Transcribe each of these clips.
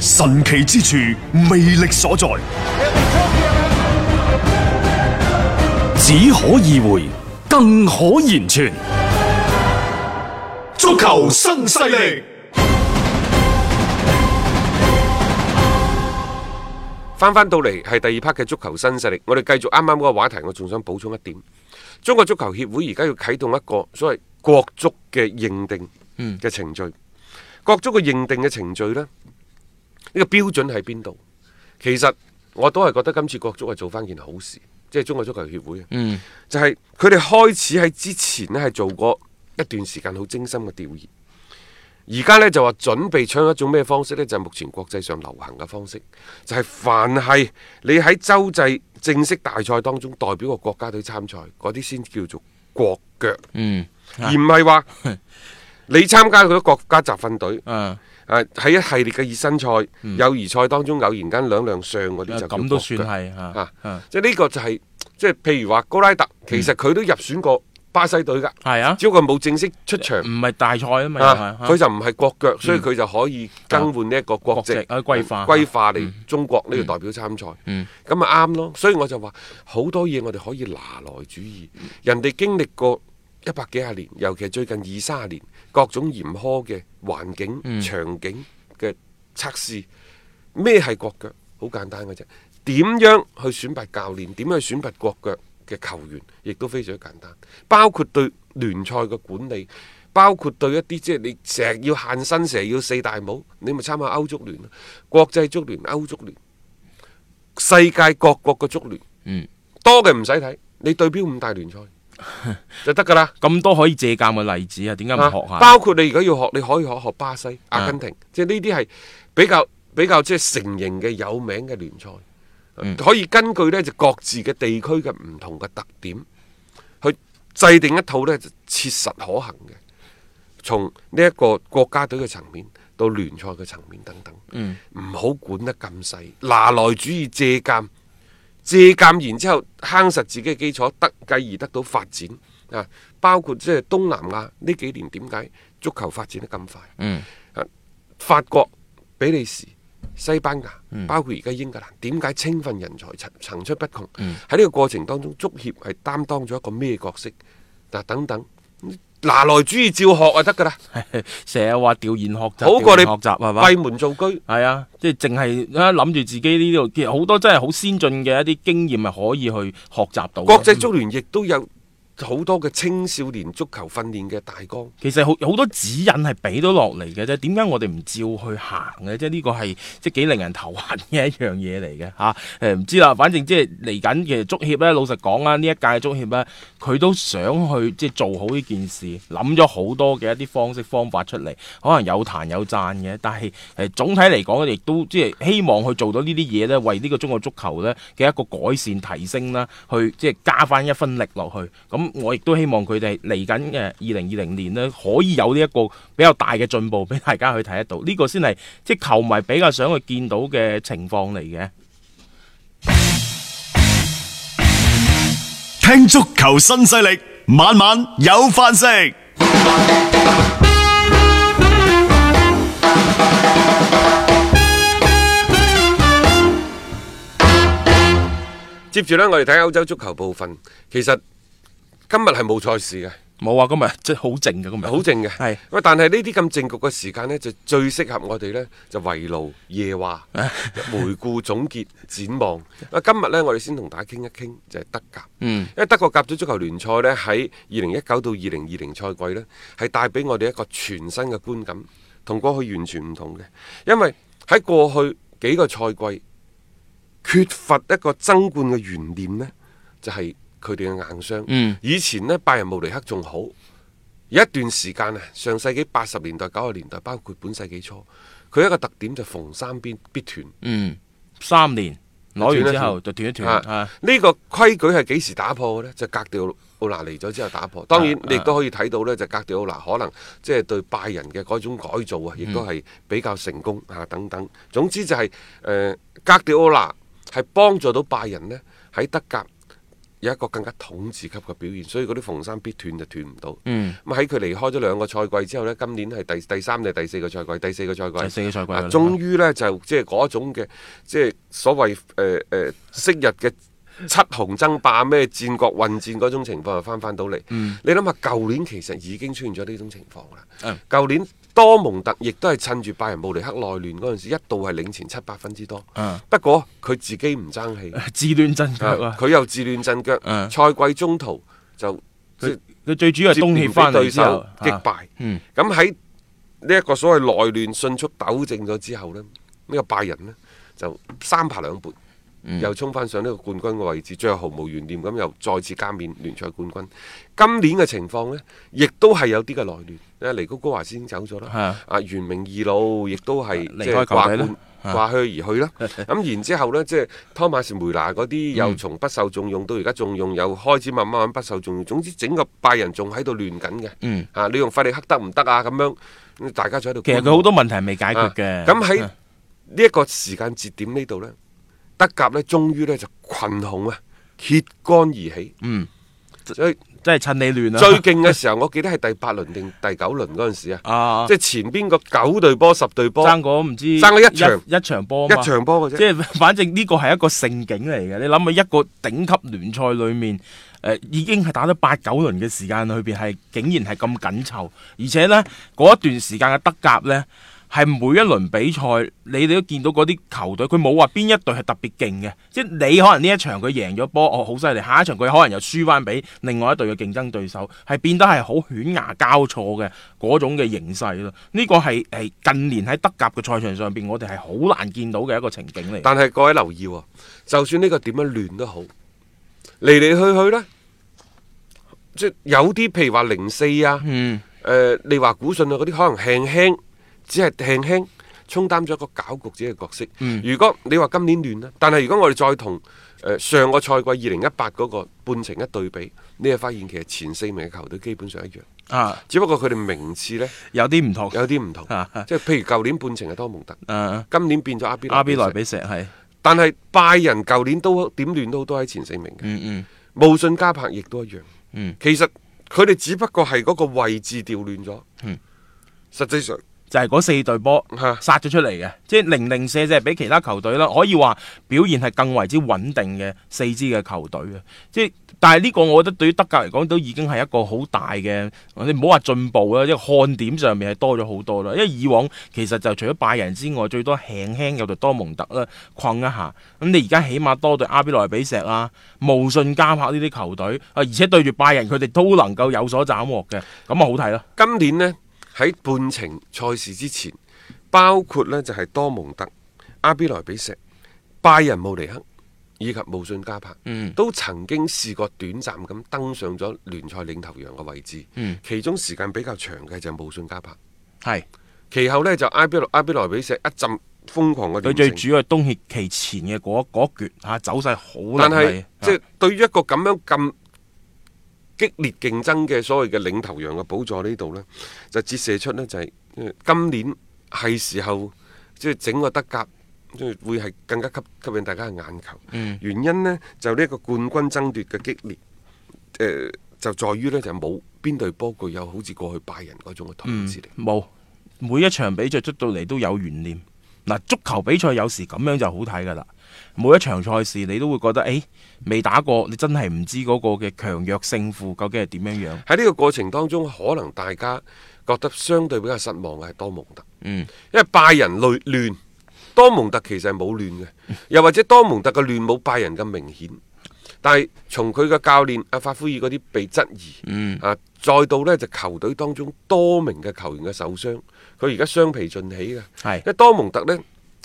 神奇之處，魅力所在，只可意會，更可言傳。足球新勢力，翻翻到嚟係第二 part 嘅足球新勢力。我哋繼續啱啱個話題，我仲想補充一點：中國足球協會而家要啟動一個所謂國足嘅認定嘅程序，嗯、國足嘅認定嘅程序呢？呢個標準喺邊度？其實我都係覺得今次國足係做翻件好事，即係中國足球協會嘅，嗯、就係佢哋開始喺之前呢係做過一段時間好精心嘅調研，而家呢就話準備採用一種咩方式呢？就是、目前國際上流行嘅方式，就係、是、凡係你喺洲際正式大賽當中代表個國家隊參賽，嗰啲先叫做國腳，嗯啊、而唔係話你參加佢個國家集訓隊。嗯啊啊啊！喺一系列嘅熱身賽、友誼賽當中，偶然間兩兩上嗰啲就咁，都算係、啊啊啊、即係呢個就係、是、即係譬如話高拉特，其實佢都入選過巴西隊噶，嗯、只不過冇正式出場，唔係、啊、大賽啊嘛，佢、啊啊、就唔係國腳，所以佢就可以更換呢一個國籍，歸、嗯啊啊、化歸嚟、嗯、中國呢個代表參賽，咁咪啱咯。所以我就話好多嘢我哋可以拿來主義，人哋經歷過。一百幾十年，尤其係最近二三十年，各種嚴苛嘅環境、嗯、場景嘅測試，咩係國腳？好簡單嘅啫。點樣去選拔教練？點樣去選拔國腳嘅球員？亦都非常簡單。包括對聯賽嘅管理，包括對一啲即係你成日要限薪，成日要四大帽，你咪參下歐足聯咯，國際足聯、歐足聯、世界各國嘅足聯，嗯、多嘅唔使睇，你對標五大聯賽。 就得噶啦，咁多可以借鑑嘅例子啊，點解唔學下？包括你如果要學，你可以學學巴西、阿根廷，嗯、即係呢啲係比較比較即係成型嘅有名嘅聯賽，嗯、可以根據呢就各自嘅地區嘅唔同嘅特點，去制定一套呢切實可行嘅，從呢一個國家隊嘅層面到聯賽嘅層面等等，唔好、嗯、管得咁細，拿來主義借鑑。借鑑然之後，夯實自己嘅基礎，得繼而得到發展啊！包括即係東南亞呢幾年點解足球發展得咁快？嗯、啊，法國、比利時、西班牙，嗯、包括而家英格蘭，點解青訓人才層層出不窮？喺呢、嗯、個過程當中，足協係擔當咗一個咩角色？嗱、啊、等等。拿來主義照學啊，得噶啦，成日話調研學習，好過你，過你學習係嘛？閉門造車係啊，即係淨係啊諗住自己呢度，其實好多真係好先進嘅一啲經驗係可以去學習到。國際足聯亦都有。好多嘅青少年足球訓練嘅大綱，其實好好多指引係俾到落嚟嘅啫。點解我哋唔照去行嘅？即係呢個係即係幾令人頭痕嘅一樣嘢嚟嘅嚇。誒、啊、唔、嗯、知啦，反正即係嚟緊嘅足協咧，老實講啊，呢一屆嘅足協咧，佢都想去即係、就是、做好呢件事，諗咗好多嘅一啲方式方法出嚟，可能有彈有讚嘅。但係誒、呃、總體嚟講，亦都即係、就是、希望去做到呢啲嘢咧，為呢個中國足球咧嘅一個改善提升啦，去即係、就是、加翻一分力落去咁。我亦都希望佢哋嚟緊嘅，二零二零年呢，可以有呢一個比較大嘅進步俾大家去睇得到，呢個先係即係球迷比較想去見到嘅情況嚟嘅。聽足球新勢力，晚晚有飯食。接住呢，我哋睇歐洲足球部分，其實。今日係冇賽事嘅，冇啊！今日即係好靜嘅，今日好靜嘅，係喂。但係呢啲咁靜局嘅時間呢，就最適合我哋呢，就圍爐夜話， 回顧總結展望。 今日呢，我哋先同大家傾一傾，就係、是、德甲。嗯、因為德國甲組足球聯賽呢，喺二零一九到二零二零賽季呢，係帶俾我哋一個全新嘅觀感，同過去完全唔同嘅。因為喺過去幾個賽季缺乏一個爭冠嘅懸念呢，就係、是。佢哋嘅硬傷，以前呢，拜仁慕尼黑仲好，有一段時間啊，上世紀八十年代、九十年代，包括本世紀初，佢一個特點就逢三邊必斷，嗯，三年攞完之後就斷一斷，呢個規矩係幾時打破嘅呢？就哥迪奧拿嚟咗之後打破。當然你亦都可以睇到呢，就哥迪奧拿，可能即係對拜仁嘅嗰種改造啊，亦都係比較成功啊等等。總之就係、是、誒，哥、呃、迪奧拿係幫助到拜仁呢喺德甲。有一個更加統治級嘅表現，所以嗰啲逢山必斷就斷唔到。咁喺佢離開咗兩個賽季之後呢，今年係第第三定係第四個賽季，第四個賽季，終於、啊、呢，就即係嗰種嘅即係所謂誒誒昔日嘅。七雄爭霸咩戰國混戰嗰種情況又翻翻到嚟，嗯、你諗下，舊年其實已經出現咗呢種情況啦。舊、嗯、年多蒙特亦都係趁住拜仁慕尼黑內亂嗰陣時，一度係領前七百分之多。嗯、不過佢自己唔爭氣，自亂陣腳啊，佢又自亂陣腳，賽、嗯、季中途就佢他即最主要係東氣翻對手擊敗。咁喺呢一個所謂內亂迅速糾正咗之後呢，呢、這個拜仁呢，就三扒兩撥。嗯、又衝翻上呢個冠軍嘅位置，最後毫無懸念咁，又再次加冕聯賽冠軍。今年嘅情況呢，亦都係有啲嘅內亂。尼古哥華先走咗啦，啊袁明二老亦都係掛掛靴而去啦。咁、 嗯嗯、然之後呢，即係湯馬士梅拿嗰啲又從不受重用到而家重用，又開始慢慢不受重用。總之整個拜仁仲喺度亂緊嘅。啊你用費力克得唔得啊？咁、啊、樣大家就喺度。其實佢好多問題未解決嘅。咁喺呢一個時間節點呢度呢，德甲咧，終於咧就群雄啊，揭竿而起。嗯，所以真係趁你亂啊！最勁嘅時候，我記得係第八輪定第九輪嗰陣時啊。啊！即係前邊個九隊波、十隊波，爭過唔知爭咗一場一場波，一場波嘅啫。即係反正呢個係一個盛景嚟嘅。你諗啊，一個頂級聯賽裏面，誒已經係打咗八九輪嘅時間裏邊，係竟然係咁緊湊，而且咧嗰一段時間嘅德甲咧。係每一輪比賽，你哋都見到嗰啲球隊，佢冇話邊一隊係特別勁嘅，即係你可能呢一場佢贏咗波哦，好犀利，下一場佢可能又輸翻俾另外一隊嘅競爭對手，係變得係好犬牙交錯嘅嗰種嘅形勢咯。呢個係係近年喺德甲嘅賽場上邊，我哋係好難見到嘅一個情景嚟。但係各位留意、哦，就算呢個點樣亂都好，嚟嚟去去呢，即有啲譬如話零四啊，誒、嗯呃，你話古遜啊嗰啲可能輕輕。只係輕輕充擔咗一個攪局者嘅角色。如果你話今年亂啦，但係如果我哋再同誒上個賽季二零一八嗰個半程一對比，你就發現其實前四名嘅球隊基本上一樣啊，只不過佢哋名次呢有啲唔同，有啲唔同。即係譬如舊年半程係多蒙特，今年變咗阿比阿比萊比錫，但係拜仁舊年都點亂都好，都喺前四名嘅，嗯嗯。慕遜加柏亦都一樣，其實佢哋只不過係嗰個位置調亂咗，嗯。實際上。就係嗰四隊波殺咗出嚟嘅，即係零零舍就係比其他球隊啦，可以話表現係更為之穩定嘅四支嘅球隊嘅。即係，但係呢個我覺得對於德甲嚟講都已經係一個好大嘅，你唔好話進步啦，即係看點上面係多咗好多啦。因為以往其實就除咗拜仁之外，最多輕輕有對多蒙特啦困一下。咁你而家起碼多對阿比萊比錫啊、慕遜加柏呢啲球隊啊，而且對住拜仁佢哋都能夠有所斬獲嘅，咁啊好睇咯。今年呢。喺半程賽事之前，包括呢就係、是、多蒙特、阿比萊比錫、拜仁慕尼黑以及慕遜加柏，嗯、都曾經試過短暫咁登上咗聯賽領頭羊嘅位置。嗯、其中時間比較長嘅就係慕遜加柏，係是其後呢，就阿比阿比萊比錫一陣瘋狂嘅。佢最主要係冬歇期前嘅嗰嗰一走勢好難。但係即係對於一個咁樣咁。激烈競爭嘅所謂嘅領頭羊嘅寶座呢度呢，就折射出呢、就是，就係今年係時候，即係整個德甲，即係會係更加吸吸引大家嘅眼球。嗯、原因呢，就呢一個冠軍爭奪嘅激烈，誒、呃、就在於呢，就冇邊隊波具有好似過去拜仁嗰種嘅統治力，冇每一場比賽出到嚟都有懸念。嗱，足球比賽有時咁樣就好睇噶啦。每一場賽事你都會覺得，誒、哎，未打過，你真係唔知嗰個嘅強弱勝負究竟係點樣樣。喺呢個過程當中，可能大家覺得相對比較失望嘅係多蒙特。嗯，因為拜仁亂，多蒙特其實係冇亂嘅，嗯、又或者多蒙特嘅亂冇拜仁咁明顯。但係從佢嘅教練阿法夫爾嗰啲被質疑，嗯、啊，再到呢就球隊當中多名嘅球員嘅受傷，佢而家雙皮盡起嘅。係是，因為多蒙特呢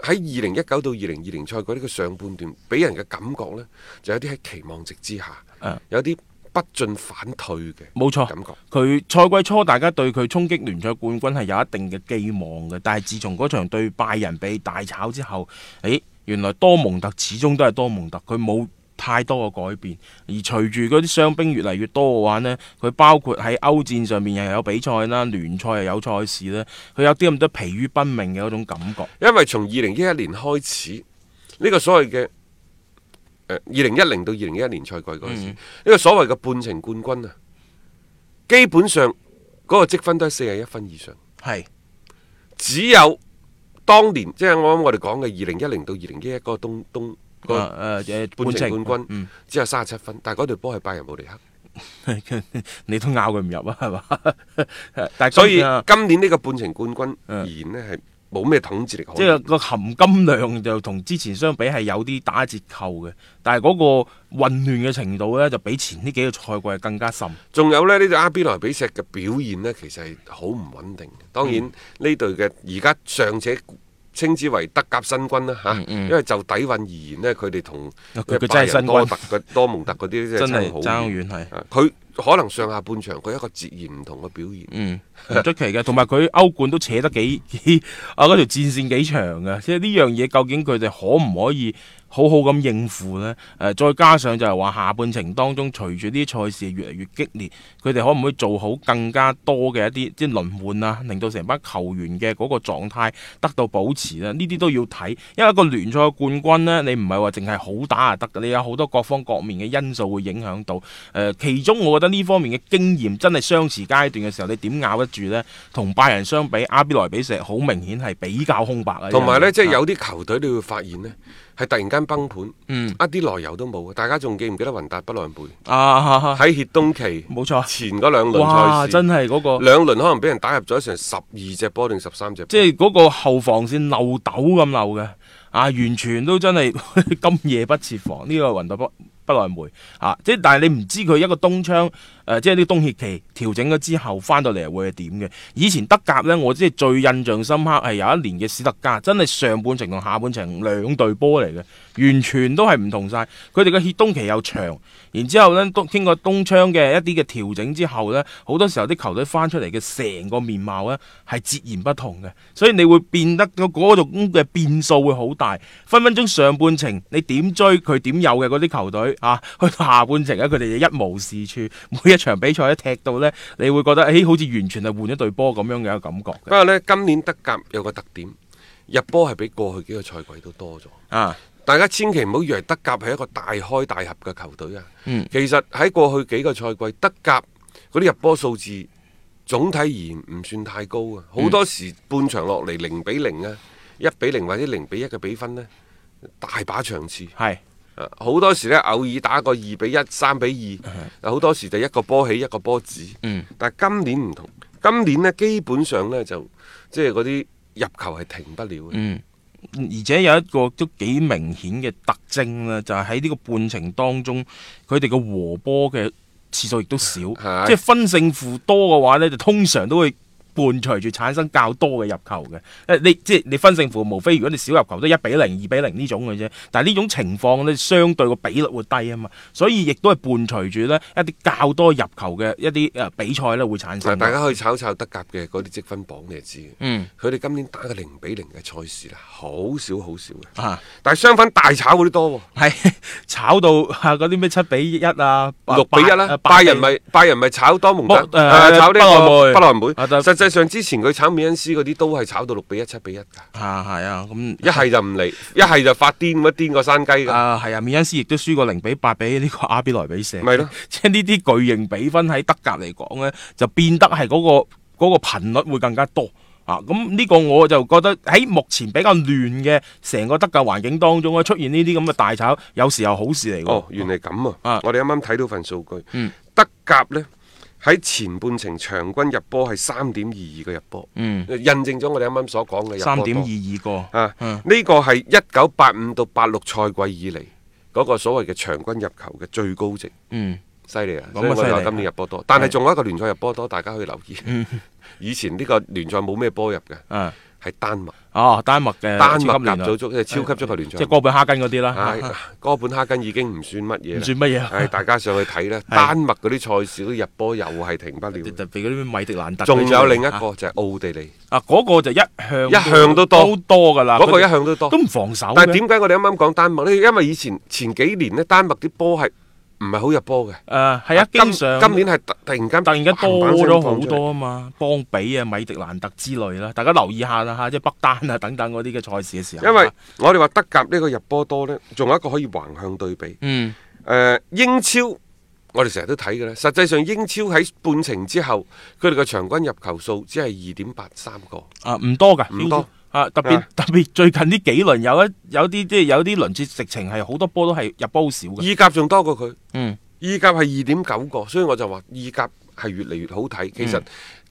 喺二零一九到二零二零賽季呢個上半段，俾人嘅感覺呢，就有啲喺期望值之下，嗯、有啲不進反退嘅。冇錯，感覺佢賽季初大家對佢衝擊聯賽冠軍係有一定嘅寄望嘅，但係自從嗰場對拜仁被大炒之後，誒，原來多蒙特始終都係多蒙特，佢冇。太多嘅改變，而隨住嗰啲傷兵越嚟越多嘅話呢，佢包括喺歐戰上面又有比賽啦，聯賽又有賽事咧，佢有啲咁多疲於奔命嘅嗰種感覺。因為從二零一一年開始，呢個所謂嘅二零一零到二零一一年賽季嗰陣時，嗯嗯，呢個所謂嘅半程冠軍啊，基本上嗰個積分都係四十一分以上。係，只有當年，即係我諗我哋講嘅二零一零到二零一一個東東。誒誒，啊呃、半程冠軍，嗯、只有三十七分，但係嗰條波係拜仁慕尼黑， 你都咬佢唔入啊，係嘛？ 但係所以今年呢個半程冠軍，而言、啊，呢係冇咩統治力，即係個含金量就同之前相比係有啲打折扣嘅。但係嗰個混亂嘅程度呢，就比前呢幾個賽季更加深。仲有呢，呢隻 RB 萊比錫嘅表現呢，其實係好唔穩定嘅。當然呢隊嘅而家尚且。稱之為德甲新軍啦吓，嗯嗯，因為就底蘊而言咧，佢哋同佢真係新多特、多蒙特嗰啲 真係的爭遠係。佢可能上下半場佢一個截然唔同嘅表現。嗯，出奇嘅，同埋佢歐冠都扯得幾幾啊！嗰條戰線幾長嘅，即係呢樣嘢究竟佢哋可唔可以？好好咁應付呢，誒、呃，再加上就係話下半程當中，隨住啲賽事越嚟越激烈，佢哋可唔可以做好更加多嘅一啲即係輪換啊，令到成班球員嘅嗰個狀態得到保持呢？呢啲都要睇，因為一個聯賽嘅冠軍呢，你唔係話淨係好打啊得，你有好多各方各面嘅因素會影響到。誒、呃，其中我覺得呢方面嘅經驗真係相持階段嘅時候，你點咬得住呢？同拜仁相比，阿比萊比錫好明顯係比較空白啊。同埋呢，為即係有啲球隊你會發現呢。係突然間崩盤，一啲、嗯啊、來由都冇。大家仲記唔記得雲達不來梅啊？喺協東期冇錯、啊、前嗰兩輪哇，真係嗰、那個兩輪可能俾人打入咗成十二隻波定十三隻，即係嗰個後防線漏豆咁漏嘅啊！完全都真係今夜不設防，呢、這個雲達不不來梅啊！即係但係你唔知佢一個東窗。誒、呃，即係啲冬歇期調整咗之後翻到嚟會係點嘅？以前德甲呢，我即係最印象深刻係有一年嘅史特加，真係上半程同下半程兩隊波嚟嘅，完全都係唔同晒。佢哋嘅歇冬期又長，然之後呢，經過冬窗嘅一啲嘅調整之後呢，好多時候啲球隊翻出嚟嘅成個面貌呢係截然不同嘅，所以你會變得、個度嘅變數會好大，分分鐘上半程你點追佢點有嘅嗰啲球隊啊，去到下半程呢佢哋就一無是處，每一場比賽一踢到呢，你會覺得誒、哎，好似完全係換咗對波咁樣嘅感覺。不過呢，今年德甲有個特點，入波係比過去幾個賽季都多咗啊！大家千祈唔好以為德甲係一個大開大合嘅球隊啊。嗯、其實喺過去幾個賽季，德甲嗰啲入波數字總體而言唔算太高啊。好多時半場落嚟零比零啊，一比零或者零比一嘅比分呢，大把場次係。好多時咧，偶爾打個二比一的、三比二，好多時就一個波起一個波止。嗯，但係今年唔同，今年呢，基本上呢，就即係嗰啲入球係停不了嘅、嗯。而且有一個都幾明顯嘅特徵啦、啊，就係喺呢個半程當中，佢哋嘅和波嘅次數亦都少，的即係分勝負多嘅話呢，就通常都會。伴隨住產生較多嘅入球嘅，誒你即係你分勝負，無非如果你少入球都一比零、二比零呢種嘅啫。但係呢種情況咧，相對個比率會低啊嘛，所以亦都係伴隨住咧一啲較多入球嘅一啲誒比賽咧會產生。大家可以炒炒德甲嘅嗰啲積分榜，你就知。佢哋、嗯、今年打嘅零比零嘅賽事啦，好少好少嘅。但係相反大炒嗰啲多喎。啊、 炒到嗰啲咩七比一啊，六比一啦、啊。拜仁咪拜仁咪炒多蒙德，誒、呃、炒呢個不萊梅。實際上之前佢炒美恩斯嗰啲都係炒到六比一、七比一噶，啊係啊，咁一係就唔嚟，一係、嗯、就發癲咁一癲個山雞噶。啊係啊，美恩、啊、斯亦都輸過零比八比呢、這個阿比來比錫，咪咯、啊，即係呢啲巨型比分喺德甲嚟講咧，就變得係嗰個嗰、那個頻率會更加多啊。咁、嗯、呢、這個我就覺得喺目前比較亂嘅成個德甲環境當中咧，出現呢啲咁嘅大炒，有時又好事嚟。哦、喔，原嚟咁啊！啊我哋啱啱睇到份數據，德甲咧。嗯喺前半程，場均入波係三點二二個入波，嗯，印證咗我哋啱啱所講嘅三點二二個啊，呢、嗯、個係一九八五到八六賽季以嚟嗰、那個所謂嘅場均入球嘅最高值，嗯，犀利啊，所以話今年入波多，但係仲有一個聯賽入波多，嗯、大家可以留意，嗯、以前呢個聯賽冇咩波入嘅，啊、嗯，係丹麥。哦，丹麥嘅超級組足即係超級足球聯賽，即係哥本哈根嗰啲啦。哥本哈根已經唔算乜嘢，唔算乜嘢。係大家上去睇啦，丹麥嗰啲賽事入波又係停不了，特別啲米迪蘭特。仲有另一個就係奧地利。啊，嗰個就一向一向都多多㗎啦，嗰個一向都多，都唔防守。但係點解我哋啱啱講丹麥呢？因為以前前幾年呢，丹麥啲波係唔係好入波嘅，誒係啊，今、啊啊、常今年係突然間突然間多咗好多啊嘛，邦比啊、米迪蘭特之類啦，大家留意下啊，即係北單啊等等嗰啲嘅賽事嘅時候。因為我哋話德甲呢個入波多呢，仲有一個可以橫向對比。嗯，誒、啊、英超，我哋成日都睇嘅咧。實際上英超喺半程之後，佢哋嘅場均入球數只係二點八三個，啊唔多㗎，唔多。啊！特別、啊、特別最近呢幾輪有一有啲即係有啲輪次直情係好多波都係入波少嘅。意甲仲多過佢，嗯，意甲係二點九個，所以我就話意甲係越嚟越好睇。嗯、其實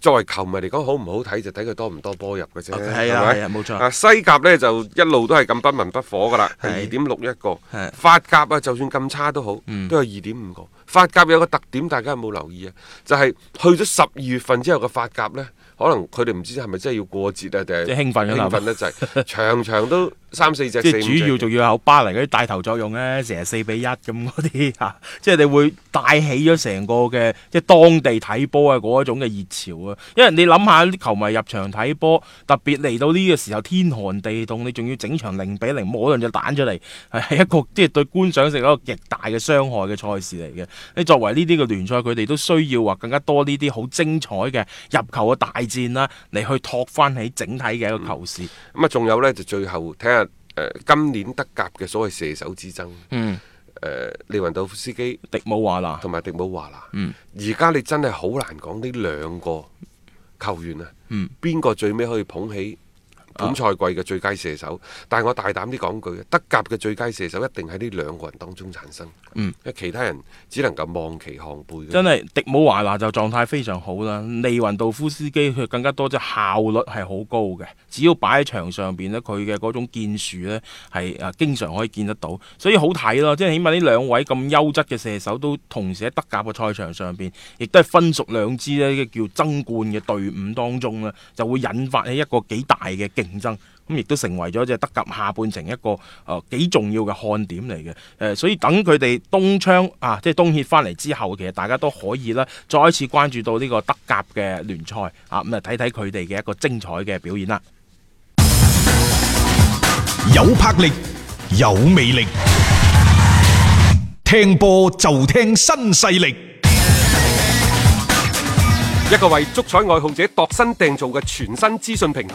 作為球迷嚟講，好唔好睇就睇佢多唔多波入嘅啫，係咪？冇錯。啊啊、西甲呢就一路都係咁不温不火噶啦，係二點六一個。係法甲啊，甲就算咁差都好，都有二點五個。法甲有個特點，大家有冇留意啊？就係、是、去咗十二月份之後嘅法甲呢。可能佢哋唔知係咪真係要過節啊？定係興奮興奮得滯，場場 都。三四隻，即係主要仲要有巴黎嗰啲帶頭作用咧，成日四比一咁嗰啲吓，即係你會帶起咗成個嘅即係當地睇波啊嗰一種嘅熱潮啊，因為你諗下啲球迷入場睇波，特別嚟到呢個時候天寒地凍，你仲要整場零比零摸兩隻蛋出嚟，係一個即係對觀賞性一個極大嘅傷害嘅賽事嚟嘅。你作為呢啲嘅聯賽，佢哋都需要話更加多呢啲好精彩嘅入球嘅大戰啦，嚟去托翻起整體嘅一個球市。咁啊、嗯，仲有呢？就最後睇下。聽聽呃、今年德甲嘅所謂射手之爭，嗯，誒、呃、利雲道夫斯基、迪姆華拿同埋迪姆華拿，嗯，而家你真係好難講呢兩個球員啊，邊、嗯、個最尾可以捧起本賽季嘅最佳射手，但係我大膽啲講句，德甲嘅最佳射手一定喺呢兩個人當中產生。嗯，其他人只能夠望其項背。嗯嗯嗯、因為真係迪姆華拿就狀態非常好啦，利雲道夫斯基佢更加多隻效率係好高嘅，只要擺喺場上邊咧，佢嘅嗰種建樹咧係誒經常可以見得到，所以好睇咯。即係起碼呢兩位咁優質嘅射手都同時喺德甲嘅賽場上邊，亦都係分屬兩支咧叫爭冠嘅隊伍當中啦，就會引發起一個幾大嘅競爭，咁亦都成為咗即係德甲下半程一個誒幾重要嘅看點嚟嘅誒，所以等佢哋冬窗啊，即係冬歇翻嚟之後，其實大家都可以啦，再一次關注到呢個德甲嘅聯賽啊，咁啊睇睇佢哋嘅一個精彩嘅表演啦。有魄力，有魅力，聽波就聽新勢力，一個為足彩愛好者度身訂造嘅全新資訊平台。